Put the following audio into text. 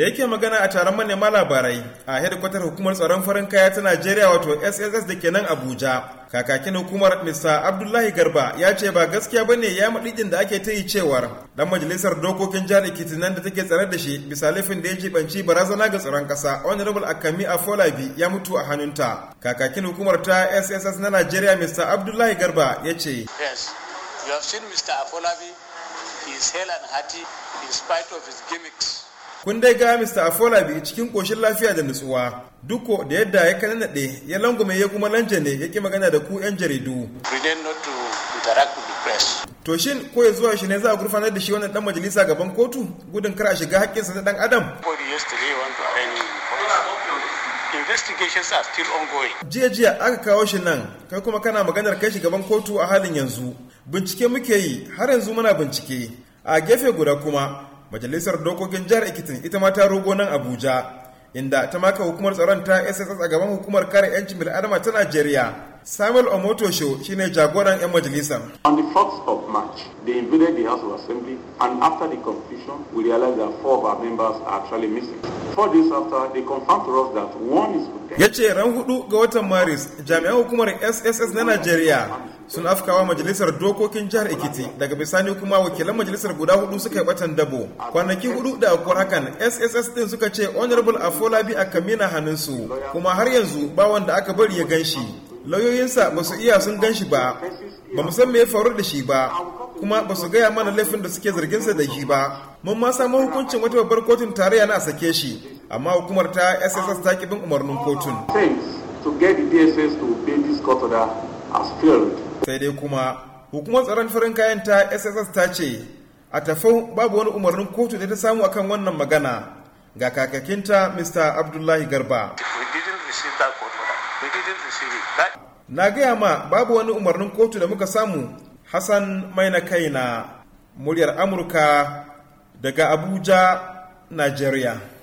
da yake magana a taron manema labarai a hedikwatar hukumar tsaron farin kaya ta najeriya wato sss da ke nan abuja kakakin hukumar mr abdullahi garba ya ce ba gaskiya ba ne ya maɗiɗin da ake ta yi cewar dan majalisar dokokin jihar ekiti nan da take tsare da shi bisa laifin da ya jibanci barazana ga tsaron ƙasa honorable akami afolabi ya mutu a hannunta kakakin hukumar ta sss na najeriya mr abdullahi garba ya ce yes mr afolabi he is hale and hearty in spite of his gimmicks kun dai ga Mr. Afolabi cikin koshin lafiya da nutsuwa duko da yadda ya kananaɗe ya langume ya kuma ne, ya ki magana da ku 'yan jaridu. To shin ko ya zuwa shi ne za a gurfanar da shi wannan dan majalisa gaban kotu gudun kar a shiga haƙƙinsa na dan adam? investigations are still ongoing. Jiya jiya aka kawo shi nan, kai kuma kana maganar kai shi gaban kotu a halin yanzu. Bincike muke yi, har yanzu muna bincike. A gefe guda kuma, majalisar dokokin jihar ikitin ita ma ta rogo nan abuja inda ta maka hukumar tsaron ta sss a gaban hukumar kare 'yancin bil'adama ta najeriya samuel omotosho shine jagoran 'yan majalisar on the 4th of march they invaded the house of assembly and after the confusion we realized that four of our members are actually missing four days after they confirmed to us that one is ya ce ran hudu ga watan maris jami'an hukumar sss na najeriya sun afkawa majalisar dokokin jihar Ekiti daga bisani kuma wakilan majalisar guda hudu suka yi batan dabo kwanaki hudu da akwai hakan SSS din suka ce honorable Afolabi kamina hannunsu kuma har yanzu ba wanda aka bari ya ganshi lauyoyinsa ba su iya sun gan shi ba ba mu san me ya faru da shi ba kuma ba su gaya mana laifin da suke zarginsa da shi ba mun ma samu hukuncin wata babbar kotun tarayya na sake shi amma hukumar ta sss ta bin umarnin kotun to get the DSS to obey this court order has failed sai dai kuma hukumar tsaron farin kayan ta sss ta ce a tafi babu wani umarnin kotu da ta samu akan wannan magana ga kakakinta mr abdullahi garba na gaya ma babu wani umarnin kotu da muka samu hassan mai na kai na muryar amurka daga abuja nigeria